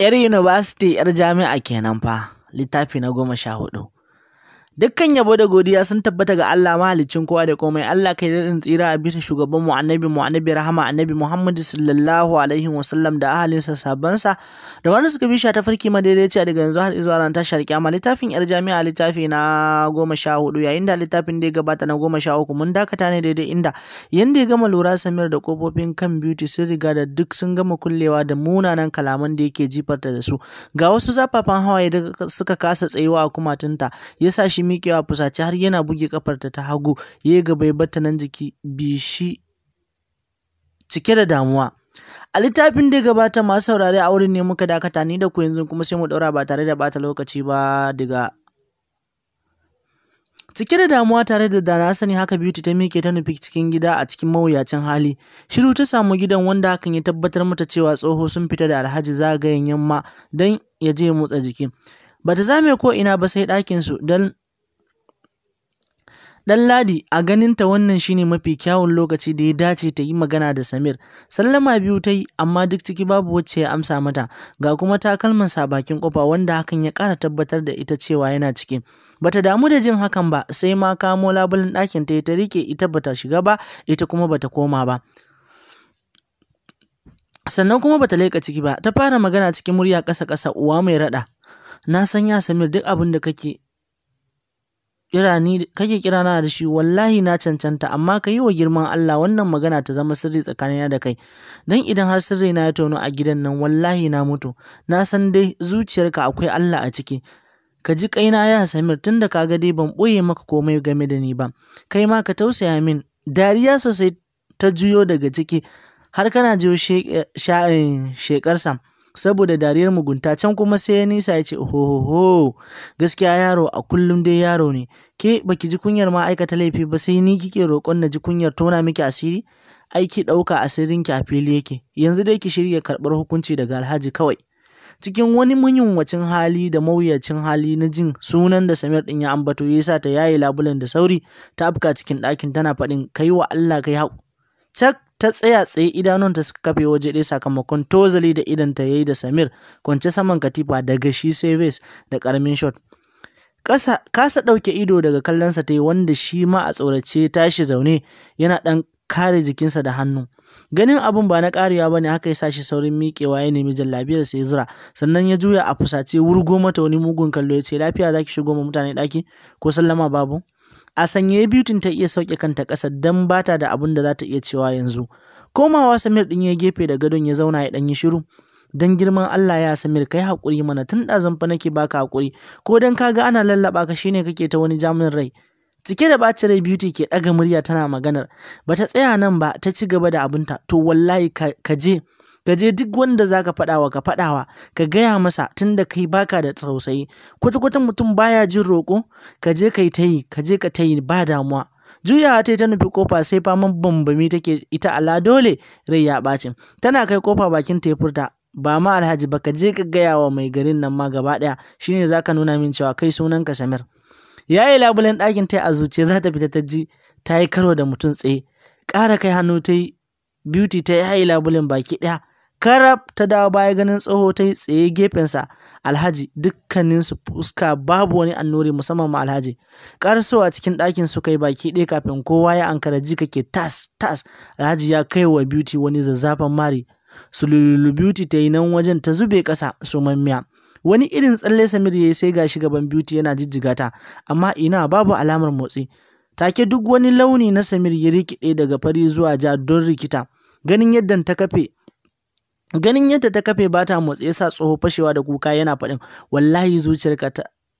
'Yar yunibasiti 'yar jami'a kenan fa, littafi na goma sha huɗu. Dukkan yabo da godiya sun tabbata ga Allah mahaliccin kowa da komai Allah kai daɗin tsira a bisa shugaban mu annabi mu annabi rahama annabi Muhammad sallallahu alaihi sallam da ahalinsa sabonsa. da wanda suka bisha ta farki madaidaici a daga yanzu har zuwa ran tashar amma littafin yar jami'a littafi na goma sha hudu yayin da littafin da ya gabata na goma sha uku mun dakata ne daidai inda yanda ya gama lura Samir da kofofin kan beauty sun riga da duk sun gama kullewa da munanan kalaman da yake jifarta da su ga wasu zafafan hawaye da suka kasa tsayuwa a kumatunta yasa shi miƙewa fusaci fusace har yana buge ƙafarta ta hagu, ya yi gaba ya barta nan jiki bishi cike da damuwa. A littafin da ya gabata masu saurare a wurin ne muka dakata ni da ku yanzu kuma sai mu ɗaura ba tare da ɓata lokaci ba daga Cike da damuwa tare da dana sani haka Beauty ta miƙe ta nufi cikin gida a cikin mawuyacin hali. Shiru ta samu gidan wanda hakan ya tabbatar mata cewa tsoho sun fita da Alhaji zagayen yamma don ya je motsa jiki. Bata zame ko ina ba sai ɗakinsu su don Dan Ladi, a ganinta wannan shine mafi kyawun lokaci da ya dace ta yi magana da Samir. Sallama biyu ta yi amma duk ciki babu wacce ya amsa mata, ga kuma takalman sa bakin kofa wanda hakan ya ƙara tabbatar da ita cewa yana ciki. Bata damu da jin hakan ba sai ma kamo labulen ɗakin ta ta rike ita bata shiga ba ita kuma bata koma ba. Sannan kuma bata leƙa ciki ba ta fara magana cikin murya ƙasa-ƙasa uwa mai raɗa. Na san ya Samir duk abin da kake kira ni kake kira da shi wallahi na cancanta amma ka yi wa girman Allah wannan magana ta zama sirri tsakanina da kai dan idan har sirri na ya tono a gidan nan wallahi na mutu na san dai zuciyarka akwai Allah a ciki ka ji kaina ya Samir tunda ka ga dai ban boye maka komai game da ni ba kai ma ka tausaya min dariya sosai ta juyo daga ciki har kana jiyo eh, sa? saboda dariyar mugunta can kuma sai ya nisa ya ce ohoho gaskiya yaro a kullum dai yaro ne ke baki ji kunyar ma aikata laifi ba sai ni kike roƙon na ji kunyar tona miki asiri aiki ɗauka asirin ki a fili yake yanzu dai ki shirya karɓar hukunci daga alhaji kawai cikin wani muhimmancin hali da mawuyacin hali na jin sunan da Samir din ya ambato ya sa ta yaye labulen da sauri ta afka cikin ɗakin tana faɗin kai wa Allah kai haƙu cak ta tsaya tsaye idanunta suka kafe waje ɗaya sakamakon tozali da idanta ya yi da samir kwance saman katifa daga shi seves da ƙaramin shot kasa ɗauke ido daga kallonsa ta yi wanda shi ma a tsorace tashi zaune yana ɗan kare jikinsa da hannu ganin abun ba na ba ne haka ya sa shi saurin miƙewa ya nemi jallabiyar sai zura sannan ya juya a fusace wurgo mata wani mugun kallo ya ce lafiya zaki shigo ma mutane ɗaki ko sallama babu a sanye beauty ta iya sauke kanta ƙasa don ba ta da abun da za ta iya cewa yanzu komawa samir ɗin ya gefe da gadon ya zauna ya yi shiru don girman Allah ya samir kai haƙuri mana tun ɗazan fa nake baka haƙuri ko don ka ga ana lallaɓa ka shine kake ta wani jamin rai cike da ɓacin rai beauty ke ɗaga murya tana maganar ba ta tsaya nan ba ta ci gaba da abinta to wallahi ka je ka je duk wanda za ka faɗawa ka faɗawa ka gaya masa tunda kai baka da tausayi kwata-kwata mutum baya jin roƙo ka je ka yi ta yi ka je ka ta yi ba damuwa juyawa ta ta nufi kofa sai faman bambami take ita ala dole rai ya ɓaci tana kai kofa bakin ta furta ba ma alhaji ba ka je ka gaya wa mai garin nan ma gaba ɗaya shine za ka nuna min cewa kai sunan ka samir ya yi labulen ɗakin ta a zuciya za ta fita ta ji ta yi karo da mutum tsaye ƙara kai hannu ta yi beauty ta yi labulen baki ɗaya karab ta dawo baya ganin tsoho ta yi tsaye gefensa alhaji dukkaninsu fuska babu wani annuri musamman ma alhaji karsowa cikin ɗakin su kai baki ɗaya kafin kowa ya ankara ji kake tas tas alhaji ya kai wa beauty wani zazzafan mari su lulu beauty ta yi nan wajen ta zube ƙasa mammiya wani irin tsalle samir ya yi sai gashi gaban beauty yana jijjiga ta amma ina babu alamar motsi take duk wani launi na samir ya rikide daga fari zuwa ja don rikita ganin yadda ta kafe ganin yadda ta kafe ba ta motsi ya sa tsoho fashewa da kuka yana faɗin wallahi zuciyarka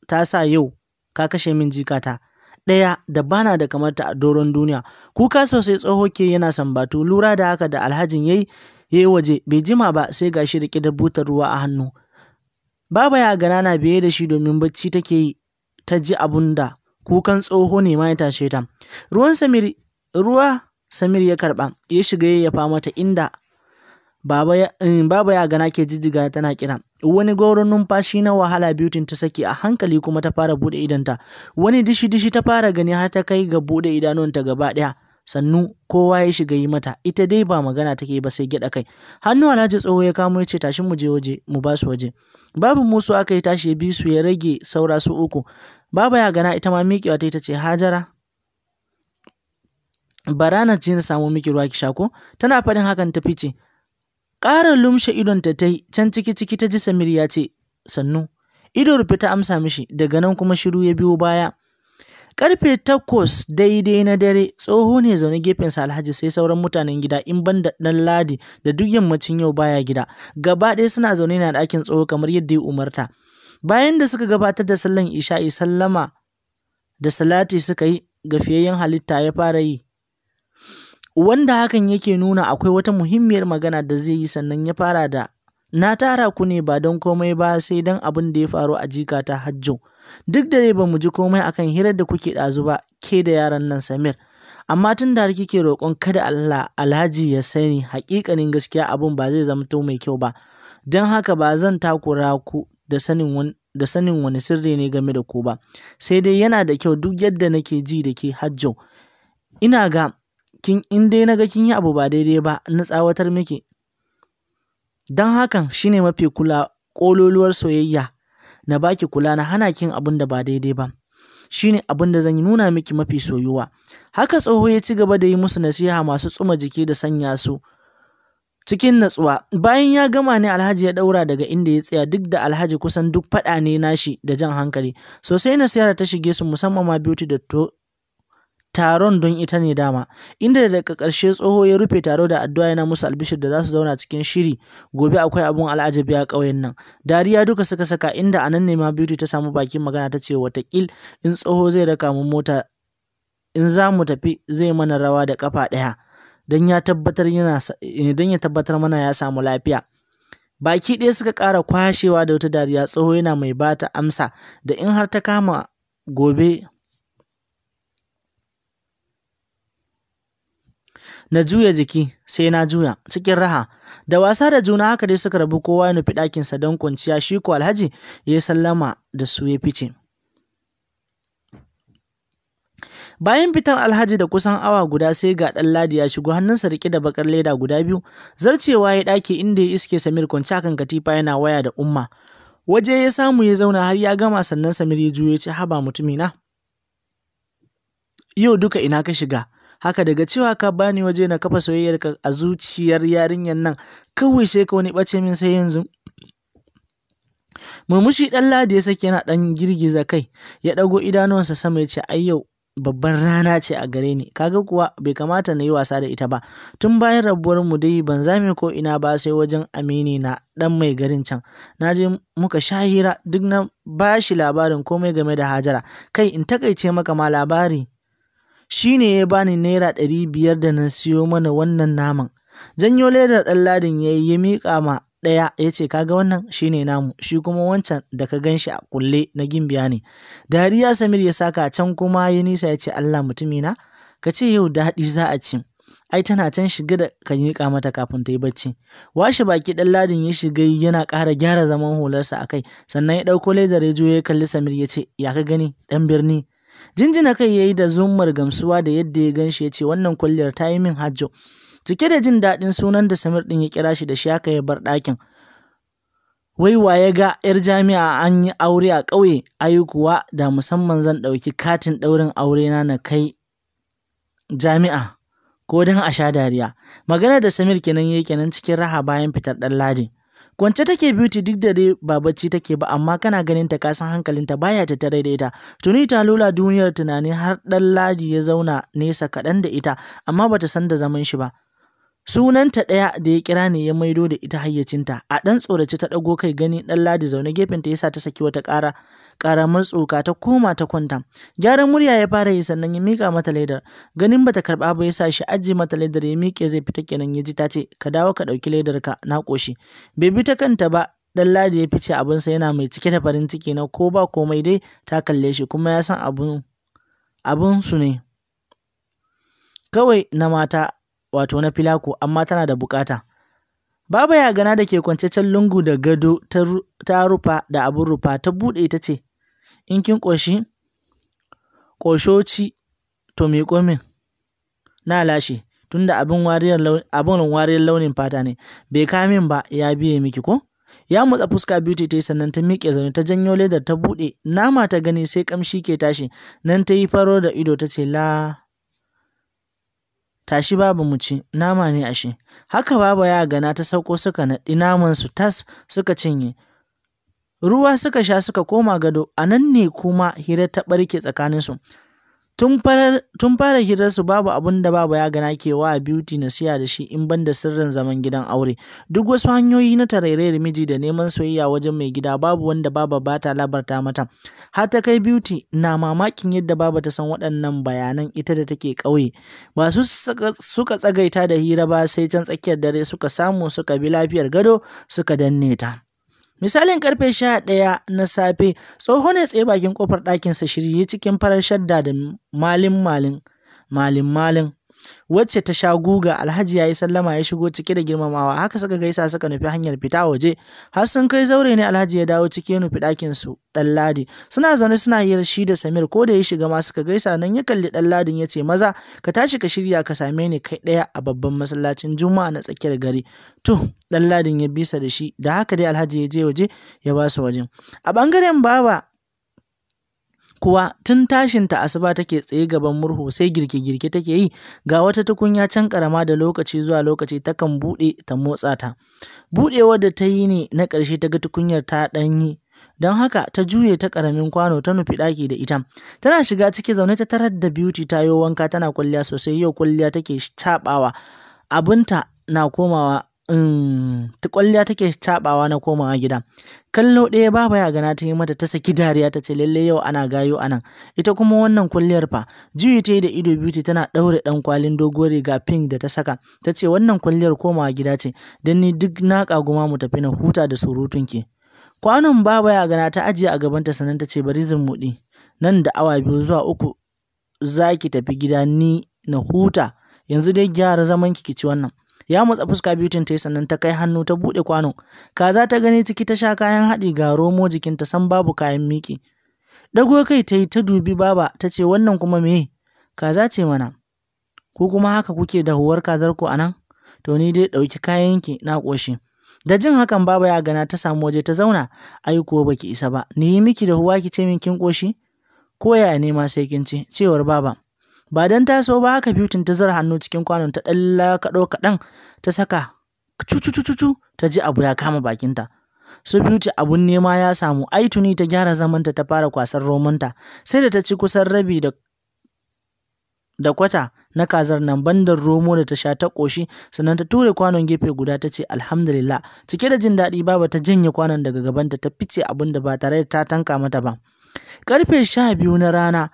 ta sa yau ka kashe min jikata ɗaya da bana da ta a doron duniya kuka sosai tsoho ke yana sambatu lura da haka da alhajin yayi yayi waje bai jima ba sai ga shi riƙe da butar ruwa a hannu baba ya gana na biye da shi domin bacci take yi ta ji abun da kukan tsoho ne ma ya tashe ta ruwan samir ruwa samir ya karba, ya shiga ya yafa mata inda Eh, baba ya, gana ke jijjiga tana kira. Wani gauron numfashi na wahala beauty ta saki a hankali kuma ta fara buɗe idanta Wani dishi-dishi ta fara gani har ta kai ga buɗe idanunta gaba ɗaya. sannu kowa ya shiga yi mata ita dai ba magana take ba sai gyaɗa kai hannu alhaji tsoho ya kamo ya ce tashi mu je waje mu ba su waje babu musu aka yi tashi bi su ya rage saura su uku baba ya gana ita ma miƙewa ta ita ce hajara bara na je na samu miki ruwa ki sha ko tana faɗin hakan ta fice Ƙara lumshe idonta ta yi, can ciki-ciki ta ji Samir ya ce, sannu. Ido rufe ta amsa mishi, daga nan kuma shiru ya biyo baya. Ƙarfe takwas daidai na dare, tsoho ne zaune gefen gefensa Alhaji sai sauran mutanen gida in ban da ɗan Ladi da duk yammacin yau baya gida. Gaba ɗaya suna zaune na ɗakin tsoho kamar yadda ya umarta. Bayan da suka gabatar da sallan isha'i sallama da salati suka yi, gafiyayyen halitta ya fara yi. wanda hakan yake nuna akwai wata muhimmiyar magana da zai yi sannan ya fara da na tara ku ne ba don komai ba sai don abin da ya faru a jikata hajjo duk da dai ba mu ji komai akan hirar da kuke ɗazu ba ke da yaran nan samir amma tun da har kike roƙon kada Allah alhaji ya sani haƙiƙanin gaskiya abun ba zai zama mai kyau ba don haka ba zan takura ku da sanin wani da sanin wani sirri ne game da ku ba sai dai yana da kyau duk yadda nake ji da ke hajjo ina ga kin in dai naga kin yi abu ba daidai ba na tsawatar miki don hakan shine mafi kula ƙololuwar soyayya na baki kula na hana kin abin da ba daidai ba shine abin da zan nuna miki mafi soyuwa haka tsoho ya ci gaba da yi musu nasiha masu tsuma jiki da sanya su cikin natsuwa bayan ya gama ne alhaji ya daura daga inda ya tsaya duk da alhaji kusan duk faɗa ne nashi da jan hankali sosai nasiyar ta shige su musamman ma beauty da taron don ita ne dama, inda daga ƙarshe tsoho ya rufe taro da addu'a yana musu albishir da za su zauna cikin shiri gobe akwai abun al'ajabi a ƙauyen nan dariya duka suka saka inda a nan ne ma beauty ta samu bakin magana ta ce watakil in tsoho zai raka mu mota in za mu tafi zai mana rawa da kafa ɗaya don ya tabbatar yana eh, don ya tabbatar mana ya samu lafiya baki ɗaya suka ƙara kwashewa da wata dariya tsoho yana mai bata amsa da in har ta kama gobe na juya jiki sai na juya cikin raha da wasa da juna haka dai suka rabu kowa ya nufi ɗakinsa don kwanciya shi ko alhaji ya sallama da su ya fice bayan fitar alhaji da kusan awa guda sai ga ɗan ladi ya shigo hannunsa rike da bakar leda guda biyu zarcewa ya ɗaki inda ya iske samir kwanci akan katifa yana waya da umma waje ya samu ya zauna har ya gama sannan samir ya juyo ya ce haba mutumina yau duka ina ka shiga haka daga cewa ka bani waje na kafa soyayyarka a zuciyar yarinyar nan kawai sai ka wani ɓace min sai yanzu murmushi ɗan ladi ya sake yana ɗan girgiza kai ya ɗago idanuwansa sama ya ce ai yau babban rana ce a gare ni kaga kuwa bai kamata na yi wasa da ita ba tun bayan rabuwar mu dai ban zame ko ina ba sai wajen amini na dan mai garin can na je muka sha hira duk na bashi labarin komai game da hajara kai in takaice maka ma labari shi ne ya bani Naira ɗari biyar da na siyo mana wannan naman. Janyo ledar ɗanladin ya yi miƙa ma ɗaya ya ce kaga wannan shi ne namu shi kuma wancan da ka gan shi a kulle na gimbiya ne. Dariya Samir ya saka can kuma ya nisa ya ce Allah mutumina ka ce yau daɗi za a ci. ai tana can shiga da ka miƙa mata kafin ta yi bacci washe baki ɗan ladin ya shiga yana ƙara gyara zaman hularsa a kai sannan ya ɗauko ledar ya ya kalli samir ya ce ya ka gani ɗan birni Jinjina kai ya yi da zumar gamsuwa da yadda ya ganshi ya ce wannan kwalliyar ta yi min hajjo. Cike da jin daɗin sunan da Samir ɗin ya kira shi da shi haka ya bar ɗakin. Wai wa ya ga 'yar jami'a an yi aure a ƙauye, ayi kuwa da musamman zan ɗauki katin ɗaurin aure na na kai jami'a ko don a sha dariya. Magana da Samir kenan ya kenan cikin raha bayan fitar ɗan ladin. Kwance take beauty duk da dai ba bacci take ba amma kana ganin ta kasan hankalinta baya ta tare da ita. Tuni ta lula duniyar tunani har dan ladi ya zauna nesa kaɗan da ita amma bata san da zaman shi ba. Sunanta ɗaya da ya kira ne ya maido da ita hayyacinta, a ɗan tsoraci ta ɗago kai gani ɗan ladi zaune gefenta yasa ta saki wata ƙara karamar tsoka ta koma ta kwanta gyaran murya ya fara yi sannan ya mika mata ledar ganin bata karba ba ya sa shi aji mata ledar ya mike zai fita kenan ya ji ta ce ka dawo ka ɗauki ledar ka na koshi bai bi ta kanta ba dan ladi ya fice abinsa yana mai cike da farin ciki na ko ba komai dai ta kalle shi kuma ya san abun abun su ne kawai na mata wato na filako amma tana da bukata baba ya gana da ke kwance can lungu da gado ta rufa da abin rufa ta buɗe ta ce in kin ƙoshi, ƙosho to miƙo min. Na lashe tunda abin wariyar abin wariyar launin fata ne. Bai kamin min ba ya biye miki ko? Ya motsa fuska Beauty ta yi sannan ta miƙe zaune ta janyo ledar ta buɗe nama ta gani sai ƙamshi ke tashi nan ta yi faro da ido ta ce la tashi babu mu ci nama ne ashe haka baba ya gana ta sauko suka naɗi naman su tas suka cinye Ruwa suka sha suka koma gado, a nan ne kuma hira ta ɓarke tsakaninsu. Tun fara hirarsu babu abin da Baba gana ke wa Beauty na siya da shi in banda sirrin zaman gidan aure. Duk wasu hanyoyi na tarairayar miji da neman soyayya wajen mai gida babu wanda Baba ba ta labarta mata. Har ta kai Beauty na mamakin yadda Baba ta san waɗannan bayanan ita da take ƙauye. Ba su suka tsagaita da hira ba sai can tsakiyar dare suka samu suka bi lafiyar gado suka danne ta. Misalin karfe sha ɗaya na safe, tsoho ne tsaye bakin ƙofar ɗakinsa shirye cikin farar shadda da malin-malin, malin-malin. wacce ta sha guga alhaji ya yi sallama ya shigo cike da girmamawa haka suka gaisa suka nufi hanyar fita waje har sun kai zaure ne alhaji ya dawo cike nufi ɗakin su ɗan ladi suna zaune suna hira shi da samir ko da ya shiga ma suka gaisa nan ya kalli ɗan ladin ya ce maza ka tashi ka shirya ka same ni kai ɗaya a babban masallacin juma'a na tsakiyar gari to ɗan ladin ya bisa da shi da haka dai alhaji ya je waje ya ba su wajen a bangaren baba kuwa tun tashinta asuba take tsaye gaban murhu sai girke-girke take yi ga wata tukunya can karama da lokaci zuwa lokaci takan buɗe ta motsa ta buɗewar da ta yi ne na ƙarshe ta ga tukunyar ta ɗanyi don haka ta juye ta ƙaramin kwano ta nufi ɗaki da ita tana shiga ciki zaune ta tarar da beauty ta yo wanka tana kwalliya sosai yau kwalliya take caɓawa abinta na komawa Mm, tukwalliya take cabawa na komawa gida kallo ɗaya baba ya gana ta yi mata ta saki dariya ta ce lalle yau ana gayo a nan. ita kuma wannan kwalliyar fa juyi ta yi da ido beauty tana ɗaure ɗan kwalin doguwar riga pink da ta saka ta ce wannan kwalliyar komawa gida ce don ni duk na ƙaguma mu tafi na huta da surutun ki kwanon baba ya gana ta ajiye a gabanta sannan ta ce bari zan muɗi nan da awa biyu zuwa uku zaki tafi gida ni na huta yanzu dai gyara zaman ki ci wannan ya motsa fuska beauty ta yi sannan ta kai hannu ta buɗe kwano kaza ta gani ciki ta sha kayan haɗi ga romo jikinta san babu kayan miki dago kai ta yi ta dubi baba ta ce wannan kuma me kaza ce mana ko kuma haka kuke da huwar kazar ku anan to ni dai ɗauki kayanki na ƙoshi da jin hakan baba ya gana ta samu waje ta zauna ai kuwa baki isa ba ni yi miki da huwa ki ce min kin ƙoshi ko yaya ne ma sai kin ci cewar baba Ba don ta so ba haka Beauty ta zura hannu cikin kwanon ta ɗalla kaɗo kaɗan ta saka cucu ta ji abu ya kama bakinta. Su Beauty abun nema ya samu, ai tuni ta gyara zamanta ta fara kwasar romanta, sai da ta ci kusan rabi da kwata na kazar nan bandar romo da ta sha ta ƙoshi sannan ta ture kwanon gefe guda ta ce alhamdulillah cike da jin daɗi baba ta janye kwanon daga gabanta ta fice abin da ba tare da ta tanka mata ba karfe sha biyu na rana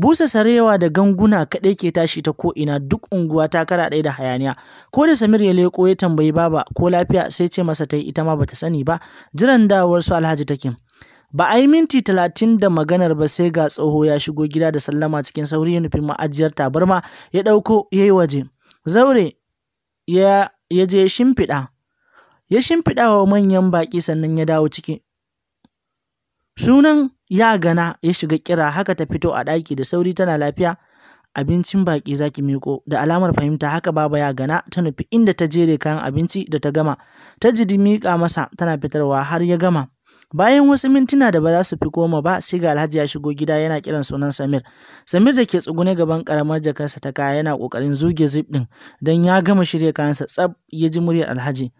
Busa sarewa da ganguna kaɗai ke tashi ta ko'ina, duk unguwa ta ɗaya da hayaniya. Ko da Samir ya leƙo ya tambayi Baba ko lafiya sai ce masa ta yi ita ma ba sani ba, jiran dawowar su Alhaji take. Ba a yi minti talatin da maganar ba sai ga tsoho ya shigo gida da sallama cikin sauri ya nufi ma'ajiyar tabarma ya ɗauko ya yi waje. Zaure ya, ya je shimfiɗa. Ya shimfiɗa wa manyan baƙi sannan ya dawo ciki. Sunan Ya gana ya shiga kira haka ta fito a ɗaki da sauri tana lafiya. Abincin baki zaki miko da alamar fahimta haka baba ya gana ta nufi inda ta jere kayan abinci da ta gama. Ta jidi miƙa masa tana fitarwa har ya gama. Bayan wasu mintuna da ba za su fi koma ba sai ga Alhaji ya shigo gida yana kiran sunan Samir. Samir da ke tsugune gaban karamar jakarsa ta kaya yana kokarin zuge zip din don ya gama shirya kayansa tsab ya ji muryar Alhaji.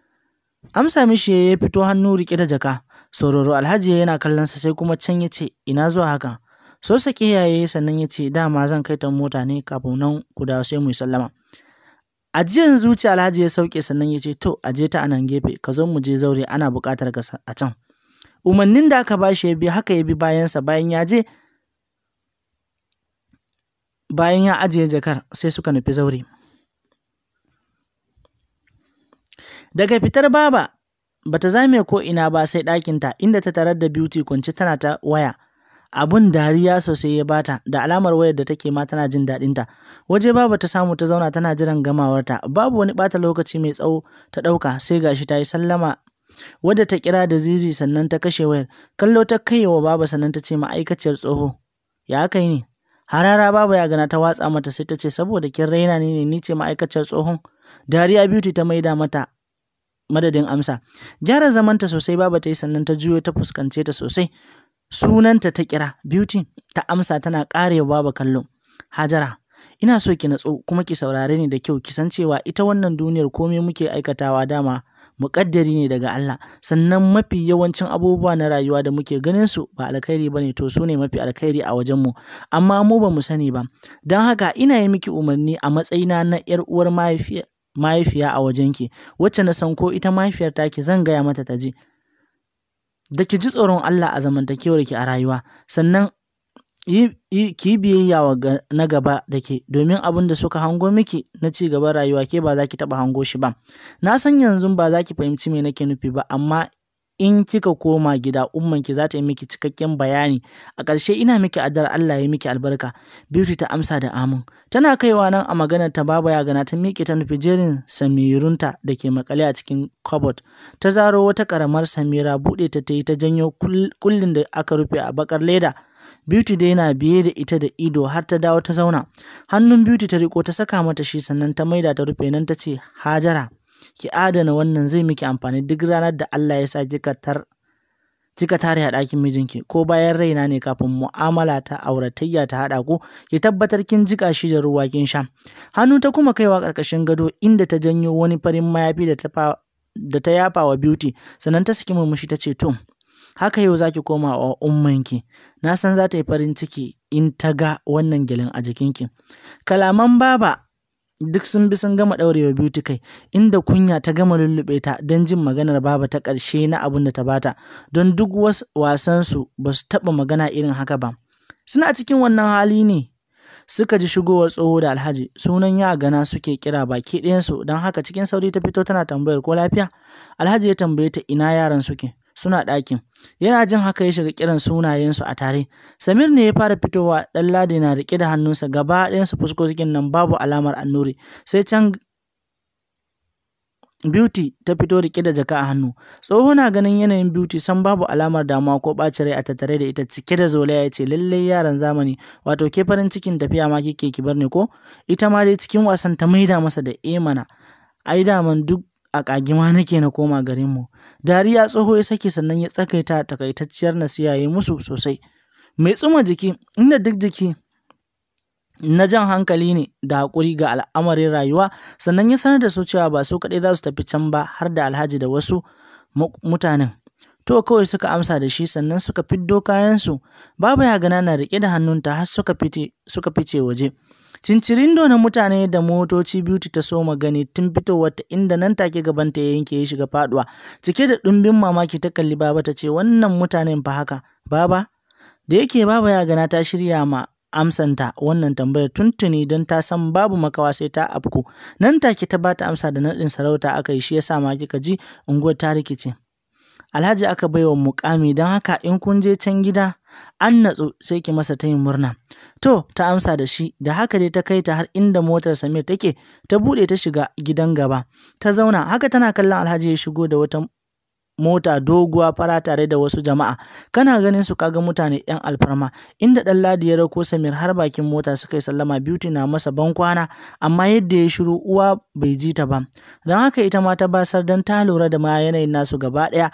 Amsa mishi ya yi fito hannu riƙe da jaka, sororo Alhaji yana kallon sa, sai kuma can ya ce, ina zuwa haka? So saki ya sannan ya ce, dama zan kai ta mota ne kafin nan ku dawo sai mu yi sallama. Ajiyan zuciya Alhaji ya sauke sannan ya ce, to aje ta anan gefe, ka zo mu je zaure ana buƙatar ka a can. Umarnin da aka bashi ya bi haka ya bi bayansa bayan ya je bayan ya ajiye jakar sai suka nufi zaure. Daga fitar Baba ba ta zame ko ina ba sai ɗakinta inda ta tarar da Beauty kwance tana ta waya. Abun dariya sosai ya bata da alamar wayar da take ma tana jin daɗinta. Waje Baba ta samu ta zauna tana jiran gamawarta. Babu wani bata lokaci mai tsawo ta ɗauka sai gashi ta yi sallama wadda ta kira da zizi sannan ta kashe wayar kallo ta kai wa baba sannan ta ce ma'aikaciyar tsoho ya aka yi ne harara baba ya gana ta watsa mata sai ta ce saboda kin raina ni ne ni ce ma'aikaciyar tsohon dariya beauty ta maida mata madadin amsa gyara zamanta sosai baba ta yi sannan ta juyo ta fuskance ta sosai sunanta ta kira beauty ta amsa tana kare baba kallo hajara ina so ki natso. kuma ki saurare ni da kyau ki san cewa ita wannan duniyar komai muke aikatawa dama muƙaddari ne daga Allah sannan mafi yawancin abubuwa na rayuwa da muke ganin su ba alkhairi bane to su ne mafi alkhairi a wajen mu amma mu ba mu sani ba don haka ina yi miki umarni a matsayina na yar uwar mahaifiya mahaifiya a wajen ki, wacce na san ko ita mahaifiyar ki zan gaya mata ta ji da ki ji tsoron Allah a zamantakewar ki a rayuwa sannan ki yi biyayya wa na gaba da ke domin abin da suka hango miki na ci gaban rayuwa ke ba za ki taɓa hango shi ba na san yanzu ba za ki fahimci me nake nufi ba amma in kika koma gida ummanki za ta yi miki cikakken bayani a ƙarshe ina miki addu'ar Allah ya miki albarka beauty ta amsa da amin tana kaiwa nan a maganar ta baba ya gana ta miƙe ta nufi jerin samirunta da ke makale a cikin cupboard ta zaro wata karamar samira buɗe ta ta yi ta janyo kullin da aka rufe a bakar leda Beauty dai na biye da ita da ido har ta dawo ta zauna. Hannun Beauty ta riko ta saka mata shi sannan ta maida ta rufe nan ta ce Hajara ki adana wannan zai miki amfani duk ranar da Allah ya sa kika tar kika tare a ɗakin mijinki ko bayan raina ne kafin mu'amala ta auratayya ta haɗa ku ki tabbatar kin jika shi da ruwa kin sha hannu ta kuma kaiwa ƙarƙashin gado inda ta janyo wani farin mayafi da ta da ta yafa wa beauty sannan ta saki murmushi ta ce to haka yau zaki koma wa ummanki na san za ta yi farin ciki in ta ga wannan gyalin a jikinki kalaman baba duk sun bi sun gama ɗaurewa biyu kai, inda kunya ta gama lullube ta don jin maganar baba ta ƙarshe na abun da ta bata, don duk wasansu ba su taɓa magana irin haka ba. Suna cikin wannan hali ne suka ji shigowar tsoho da alhaji sunan ya gana suke kira baki ɗayansu don haka cikin sauri ta fito tana tambayar ko lafiya alhaji ya tambaye ta ina yaran suke suna ɗakin. Yana jin haka ya shiga kiran sunayensu a tare. Samir ne ya fara fitowa ɗan ladi na riƙe da hannunsa gaba ɗayansu cikin nan babu alamar annuri. Sai can Beauty ta fito riƙe da jaka a hannu. Tsoho na ganin yanayin Beauty san babu alamar damuwa ko ɓacin rai a tattare da ita cike da zolaya ya ce lallai yaran zamani wato ke farin cikin tafiya ma kike ki bar ne ko? Ita ma dai cikin wasan ta maida masa da emana. Eh ai daman duk a ƙagima nake na koma garinmu. Dariya tsoho ya sake sannan ya tsakaita takaitacciyar nasiya ya musu sosai. Mai tsuma jiki, inda duk jiki na jan hankali ne da haƙuri ga al'amarin rayuwa, sannan ya sanar da su cewa ba su kaɗai za su tafi can ba har da alhaji da wasu mutanen. To kawai suka amsa da shi sannan suka fiddo kayansu, Babu ya gana na riƙe da hannunta har suka fice waje. Cincirindo na mutane da motoci Beauty ta soma gani tun wata inda nan take gabanta ya yanke ya shiga faduwa. Cike da ɗumbin mamaki ta kalli Baba ta ce wannan mutanen fa haka. Baba, da yake Baba ya gana ta shirya ma amsanta wannan tambayar tuntuni don ta san babu makawa sai ta afku. Nan take ta bata amsa da naɗin sarauta aka yi shi yasa ma kika ji unguwar ta rikice. Alhaji aka baiwa mukami don haka in kun je can gida an natsu sai ki masa tayin murna. To, ta amsa da shi, da haka dai ta kai ta har inda motar Samir take, ta buɗe ta shiga gidan gaba. Ta zauna, haka tana kallon Alhaji ya shigo da wata mota doguwa fara tare da wasu jama'a kana ganin su kaga mutane yan alfarma inda ɗan ladi ya rako samir har bakin mota suka yi sallama beauty na masa ban kwana, amma yadda ya shiru uwa bai ji ta ba don haka ita ma ta basar don ta lura da ma yanayin nasu gaba ɗaya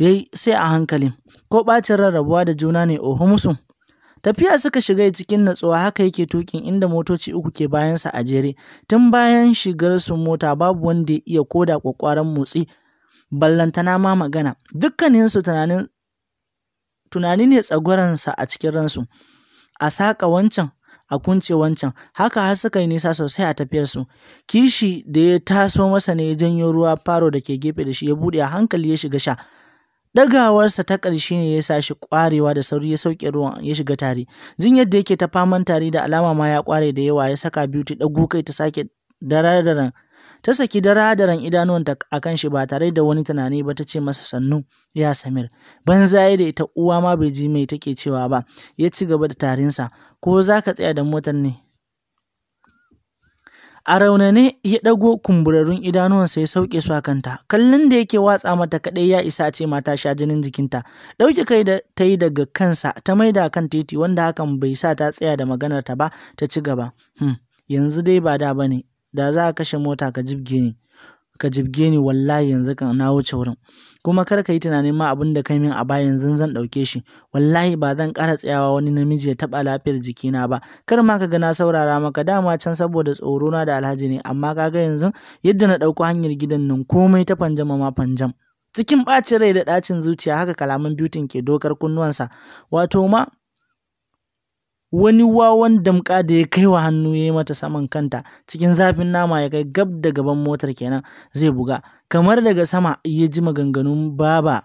yayi sai a hankali ko ɓacin rarrabuwa da juna ne oho musu Tafiya suka shiga cikin natsuwa haka yake tukin inda motoci uku ke bayansa a jere. Tun bayan shigar su mota babu wanda ya iya koda kwakwaran motsi ballantana ma magana. Dukkaninsu tunanin tunani ne tsagwaransa a cikin ransu. A saka wancan a kunce wancan haka har suka yi nisa sosai a tafiyar su kishi da ya taso masa ne janyo ruwa faro da ke gefe da shi ya bude a hankali ya shiga sha Ɗagawarsa ta ƙarshe ne ya sa shi ƙwarewa da sauri ya sauke ruwan ya shiga tare. Jin yadda yake ta faman tare da alama ma ya ƙware da yawa ya saka Beauty ɗago kai ta sake daradaran ta saki daradaran idanuwanta a kan shi ba tare da wani tunani ba ta ce masa sannu ya samir banzaye da ita uwa ma bai ji mai take cewa ba ya ci gaba da tarinsa ko za ka tsaya da motar ne A raunane ya ɗago kumburarrun idanuwansa ya sauke su a kanta. Kallon da yake watsa mata kaɗai ya isa a ce mata sha jinin jikinta. ɗauki kai da ta yi daga kansa ta maida kan titi wanda hakan bai sa ta tsaya da maganar ta ba ta ci gaba. Hmm, yanzu dai ba da bane. Da za a kashe mota ka Ka jibge ni wallahi yanzu kan na wuce wurin. kuma kar ka yi tunanin ma abin da kai min a baya yanzu zan ɗauke shi wallahi ba zan ƙara tsayawa wani namiji ya taɓa lafiyar jikina ba kar ma ka gana saurara maka dama can saboda tsoro na da alhaji ne amma ka ga yanzu yadda na ɗauko hanyar gidan nan komai ta fanjama ma fanjam cikin ɓacin rai da ɗacin zuciya haka kalaman beauty ke dokar kunnuwansa wato ma wani wawan damƙa da ya kai wa hannu ya yi mata saman kanta cikin zafin nama ya kai gab da gaban motar kenan zai buga kamar daga sama ya ji maganganun baba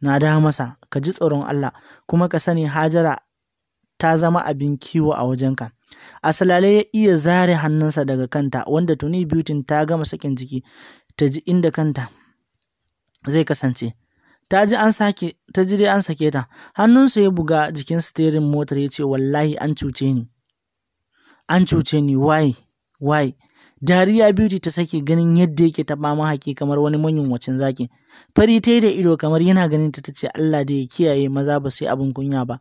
na da masa ka ji tsoron Allah kuma ka sani Hajara ta zama abin kiwo a wajenka a salale ya iya zare hannunsa daga kanta wanda tuni beauty ta gama sakin jiki ta ji inda kanta zai kasance ta ji an sake ta ji dai an sake ta hannunsa ya buga jikin steering motar ya ce wallahi an cuce ni an cuce ni why why dariya beauty ta sake ganin yadda yake ta mahaƙi haƙi kamar wani manyan manyunwacin zaki fari ta da ido kamar yana ganin ta tace Allah da ya kiyaye maza ba sai abin kunya ba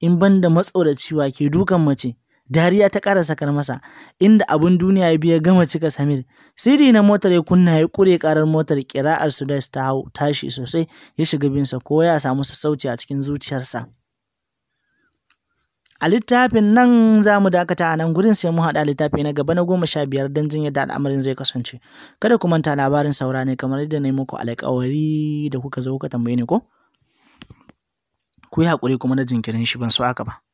in banda da matsoraciwa ke dukan mace dariya ta ƙara sakar masa inda abin duniya ya biya gama cika samir siri na motar ya kunna ya ƙure ƙarar motar ƙira'ar sudais ta hau tashi sosai ya shiga binsa ko ya samu sassauci a cikin zuciyarsa a littafin nan za mu dakata a nan gurin sai mu haɗa littafi na gaba na goma sha biyar don jin yadda al'amarin zai kasance kada ku manta labarin saura ne kamar yadda na yi muku alƙawari da kuka zo kuka tambaye ni ko ku yi haƙuri kuma na jinkirin shi ban so aka ba